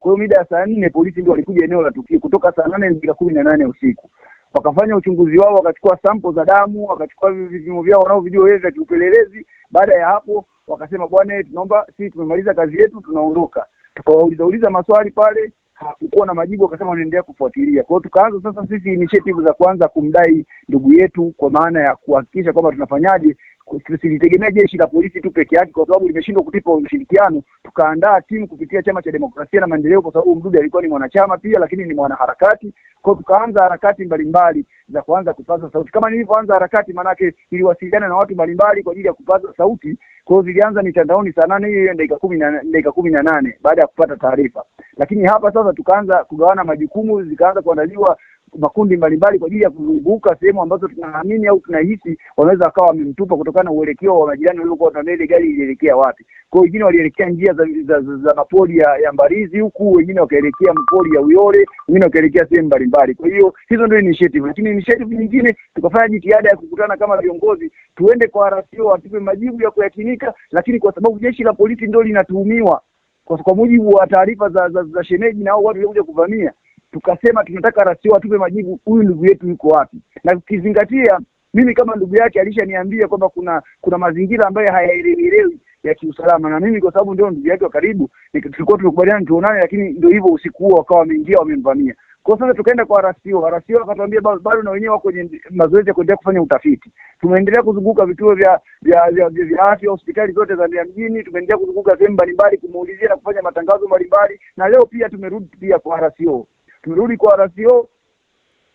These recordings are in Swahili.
Kwa hiyo mida ya saa nne polisi ndio walikuja eneo la tukio kutoka saa nane mpaka kumi na nane usiku wakafanya uchunguzi wao, wakachukua sampo za damu, wakachukua vipimo vyao wanaovijua wewe vya kiupelelezi. Baada ya hapo, wakasema bwana, eh, tunaomba sisi tumemaliza kazi yetu, tunaondoka. Tukawauliza uliza maswali pale, hakukuwa na majibu, wakasema wanaendelea kufuatilia. Kwa hiyo tukaanza sasa sisi initiative za kuanza kumdai ndugu yetu, kwa maana ya kuhakikisha kwamba tunafanyaje tusilitegemea jeshi la polisi tu peke yake, kwa sababu limeshindwa kutupa ushirikiano. Tukaandaa timu kupitia Chama cha Demokrasia na Maendeleo, kwa sababu Mdude alikuwa ni mwanachama pia, lakini ni mwanaharakati kwao. Tukaanza harakati mbalimbali za kuanza kupaza sauti, kama nilivyoanza harakati, maanake niliwasiliana na watu mbalimbali kwa ajili ya kupaza sauti. Kwa hiyo zilianza mitandaoni saa nane hiyo dakika kumi na dakika kumi na nane baada ya kupata taarifa, lakini hapa sasa tukaanza kugawana majukumu, zikaanza kuandaliwa makundi mbalimbali kwa ajili ya kuzunguka sehemu ambazo tunaamini au tunahisi wanaweza wakawa wamemtupa kutokana na uelekeo wa majirani waliokuwa wanaona ile gari ilielekea wapi. Kwa hiyo wengine walielekea njia za, za, za, za mapori ya, ya Mbarizi huku wengine wakaelekea mpori ya Uyole, wengine wakaelekea sehemu mbalimbali. Kwa hiyo hizo ndio initiative, lakini initiative nyingine tukafanya jitihada ya kukutana kama viongozi, tuende kwa rasio watupe majibu ya kuyakinika, lakini kwa sababu jeshi la polisi ndio linatuhumiwa kwa, kwa mujibu wa taarifa za, za, za shemeji na au watu waliokuja kuvamia tukasema tunataka rasio atupe majibu, huyu ndugu yetu yuko wapi, na ukizingatia mimi kama ndugu yake alishaniambia kwamba kuna kuna mazingira ambayo hayaelewi ya kiusalama, na mimi kwa sababu ndio ndugu yake wa karibu, tulikuwa tumekubaliana tuonane, lakini ndio hivyo, usiku huo wakawa wameingia wamemvamia. Kwa sasa tukaenda kwa RCO, RCO akatuambia bado na wenyewe wako kwenye mazoezi ya kuendelea kufanya utafiti. Tumeendelea kuzunguka vituo vya vya vya vya, vya afya, hospitali zote za Mbeya mjini, tumeendelea kuzunguka sehemu mbalimbali kumuulizia na kufanya matangazo mbalimbali, na leo pia tumerudi pia kwa RCO turudi kwa rasio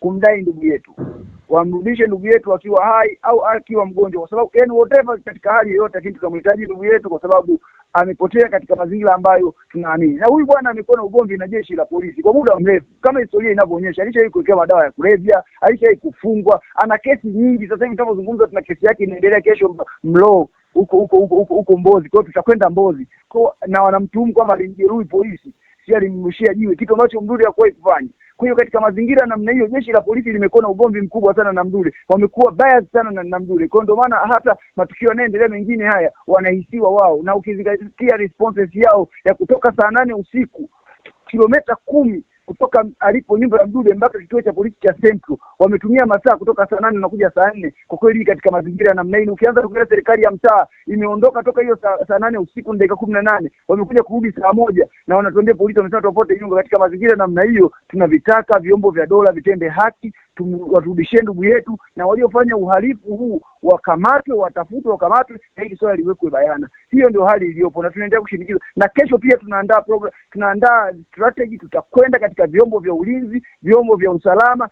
kumdai ndugu yetu, wamrudishe ndugu yetu akiwa hai au akiwa mgonjwa, kwa sababu yani whatever, katika hali yoyote, lakini tunamhitaji ndugu yetu kwa sababu amepotea katika mazingira ambayo tunaamini. Na huyu bwana amekuwa na ugomvi na jeshi la polisi kwa muda mrefu, kama historia inavyoonyesha. Alishawahi kuwekewa madawa ya kulevya, alishawahi kufungwa, ana kesi nyingi. Sasa hivi tunavyozungumza, tuna kesi yake inaendelea kesho mlo huko huko huko huko Mbozi. Kwa hiyo tutakwenda Mbozi kwa, na wanamtuhumu kwamba alimjeruhi polisi si alimrushia jiwe, kitu ambacho Mdude hakuwahi kufanya. Kwa hiyo katika mazingira namna hiyo, jeshi la polisi limekuwa na ugomvi mkubwa sana na Mdude, wamekuwa bias sana na, na Mdude. Kwa hiyo ndio maana hata matukio yanayoendelea mengine haya wanahisiwa wao, na ukizingatia responses yao ya kutoka saa nane usiku kilomita kumi kutoka alipo nyumba ya Mdude mpaka kituo cha polisi cha Central wametumia masaa kutoka saa nane kuja saa nne. Kwa kweli katika mazingira ya namna hii, ukianza kuangalia serikali ya mtaa imeondoka toka hiyo saa, saa nane usiku na dakika kumi na nane wamekuja kurudi saa moja na wanatuambia polisi wamesema tuwapote nyumba. Katika mazingira ya namna hiyo, tunavitaka vyombo vya dola vitende haki warudishie ndugu yetu, na waliofanya uhalifu huu wakamatwe, watafutwe, wakamatwe na hili swala liwekwe bayana. Hiyo ndio hali iliyopo, na tunaendelea kushinikiza, na kesho pia tunaandaa program, tunaandaa strategy. Tutakwenda katika vyombo vya ulinzi, vyombo vya usalama,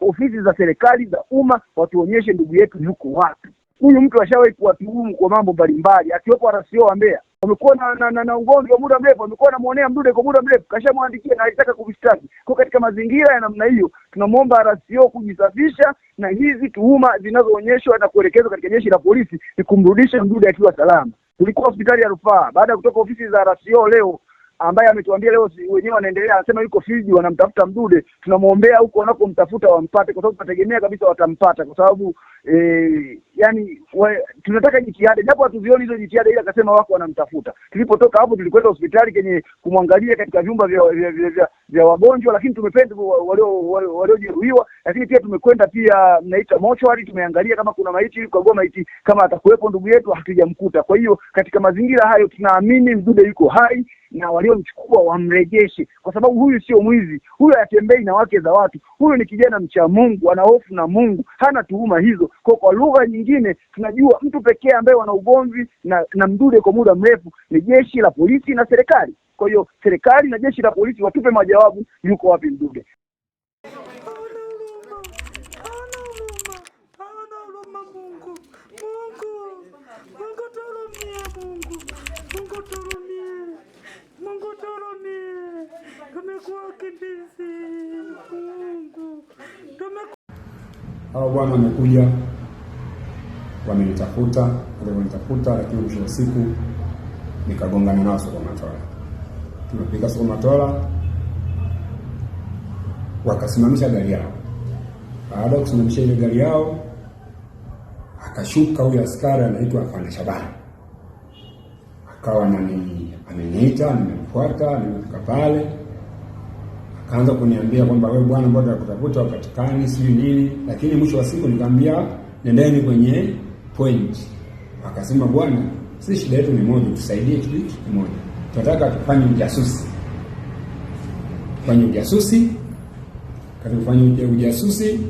ofisi za serikali za umma, watuonyeshe ndugu yetu yuko wapi. Huyu mtu ashawahi kuwatuhumu kwa mambo mbalimbali, akiwepo RCO wa Mbeya wamekuwa na, na, na, na ugomvi wa muda mrefu, wamekuwa anamwonea Mdude kwa muda mrefu, kashamwandikia na alitaka kuvistaki. Kwa katika mazingira ya namna hiyo, tunamwomba RCO kujisafisha na hizi tuhuma zinazoonyeshwa na kuelekezwa katika jeshi la polisi ni kumrudisha Mdude akiwa salama. Tulikuwa hospitali ya rufaa baada ya kutoka ofisi za RCO leo ambaye ametuambia leo wenyewe wanaendelea, anasema yuko Fiji, wanamtafuta Mdude. Tunamwombea huko wanapomtafuta wampate, kwa sababu tunategemea kabisa watampata, kwa sababu e, yani we, tunataka jitihada, japo hatuzioni hizo jitihada, ili akasema wako wanamtafuta. Tulipotoka hapo tulikwenda hospitali kenye kumwangalia katika vyumba vya vya, vya, vya, vya wagonjwa, lakini tumependa waliojeruhiwa, lakini pia tumekwenda pia mnaita mochwari, tumeangalia kama kuna maiti ili kukagua maiti kama atakuwepo ndugu yetu, hatujamkuta. Kwa hiyo katika mazingira hayo tunaamini Mdude yuko hai na waliomchukua wamrejeshe, kwa sababu huyu sio mwizi, huyu hatembei na wake za watu, huyu ni kijana mcha Mungu, ana hofu na Mungu, hana tuhuma hizo. Kwa kwa lugha nyingine, tunajua mtu pekee ambaye wana ugomvi na, na Mdude kwa muda mrefu ni jeshi la polisi na serikali. Kwa hiyo serikali na jeshi la polisi watupe majawabu, yuko wapi Mdude? Hawa bwana amekuja wamenitafuta wamenitafuta, lakini mwisho wa siku nikagongana nao Sokomatola. soko Matola, wakasimamisha gari yao. Baada ya kusimamisha ile gari yao, akashuka huyo askari anaitwa Afande Shabani, akawa nani ameniita, nimemfuata, nimefika pale akaanza kuniambia kwamba wewe bwana, mbona nakutafuta upatikani, sijui nini, lakini mwisho wa siku nikamwambia nendeni kwenye point. Akasema, bwana, si shida yetu ni moja, tusaidie tu kitu kimoja, tunataka tufanye ujasusi, fanye ujasusi. Katika kufanya ujasusi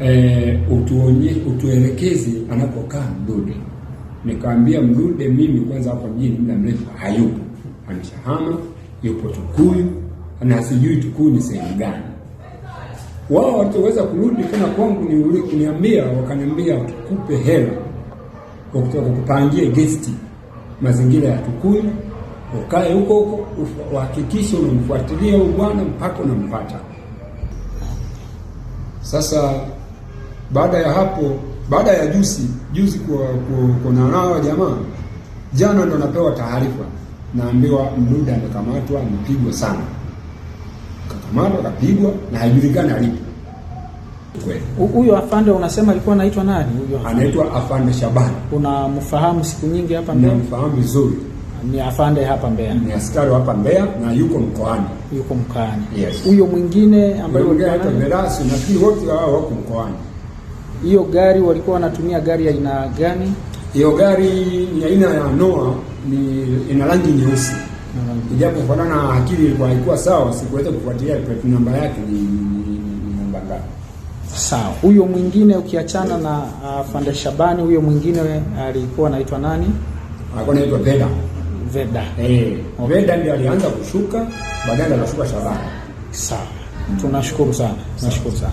e, utuonye, utuelekeze anapokaa Mdude. Nikaambia Mdude, mimi kwanza hapa mjini muda mrefu hayupo, ameshahama, yupo Tukuyu na sijui Tukuyu ni sehemu gani wao waliweza kurudi tena kwangu ni kuniambia, wakaniambia tukupe hela kwa kupangia gesti mazingira ya Tukuyu, ukae huko huko, uhakikishe unamfuatilia huyu bwana mpaka unampata. Sasa baada ya hapo, baada ya juzi juzi kuonanao jamaa, jana ndo napewa taarifa, naambiwa Mdude amekamatwa, amepigwa sana akakamatwa akapigwa na haijulikani alipo. Kweli huyo afande unasema alikuwa anaitwa nani? Huyo anaitwa afande Shabani. Unamfahamu siku nyingi hapa Mbeya? Namfahamu vizuri, ni afande hapa Mbeya, ni askari hapa Mbeya na yuko mkoani, yuko mkoani. Huyo yes. mwingine ambaye anaitwa Merasi, na nafikiri wote hao wako mkoani. Hiyo gari walikuwa wanatumia gari ya aina gani? Hiyo gari ni aina ya Noah, ni ina rangi nyeusi ijapo kufanana na akili ilikuwa haikuwa sawa, sikuweza kufuatilia plate namba yake ni namba ngapi. Sawa, huyo mwingine ukiachana na uh, Fande Shabani, huyo mwingine uh, alikuwa anaitwa nani? Alikuwa anaitwa Veda. Veda, eh, okay. Veda ndiye alianza kushuka, baadaye akashuka Shabani. Sawa, tunashukuru sana, tunashukuru sana.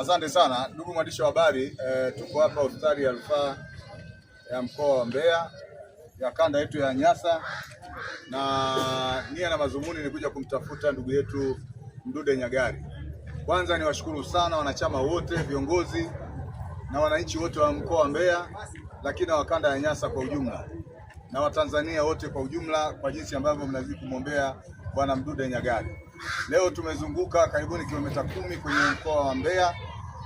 Asante sana ndugu mwandishi wa habari, eh, tuko hapa hospitali ya Rufaa ya mkoa wa Mbeya ya kanda yetu ya Nyasa, na nia na mazumuni ni kuja kumtafuta ndugu yetu Mdude Nyagari. Kwanza niwashukuru sana wanachama wote, viongozi na wananchi wote wa mkoa wa Mbeya, lakini na wakanda ya Nyasa kwa ujumla na Watanzania wote kwa ujumla kwa jinsi ambavyo mnazidi kumwombea bwana Mdude Nyagari. Leo tumezunguka karibuni kilomita kumi kwenye mkoa wa Mbeya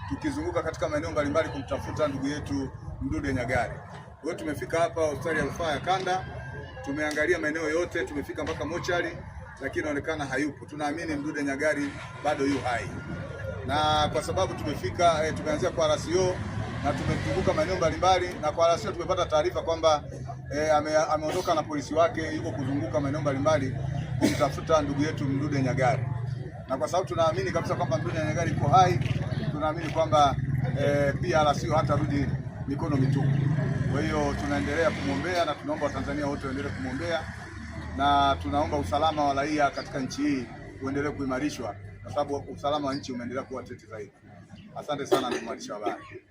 tukizunguka katika maeneo mbalimbali kumtafuta ndugu yetu Mdude Nyagari. Kwa hiyo tumefika hapa hospitali ya rufaa ya Kanda, tumeangalia maeneo yote, tumefika mpaka mochari, lakini inaonekana hayupo. Tunaamini Mdude Nyagari bado yu hai, na kwa sababu tumefika eh, tumeanzia kwa RCO na tumezunguka maeneo mbalimbali, na kwa RCO tumepata taarifa kwamba eh, ameondoka na polisi wake, yuko kuzunguka maeneo mbalimbali kumtafuta ndugu yetu Mdude Nyagari, na kwa sababu tunaamini kabisa kwamba Mdude Nyagari yuko hai, tunaamini kwamba eh, pia RCO hatarudi mikono mitupu. Kwa hiyo tunaendelea kumwombea na tunaomba Watanzania wote waendelee kumwombea na tunaomba usalama wa raia katika nchi hii uendelee kuimarishwa, kwa sababu usalama wa nchi umeendelea kuwa tete zaidi. Asante sana ndugu mwandishi wa habari.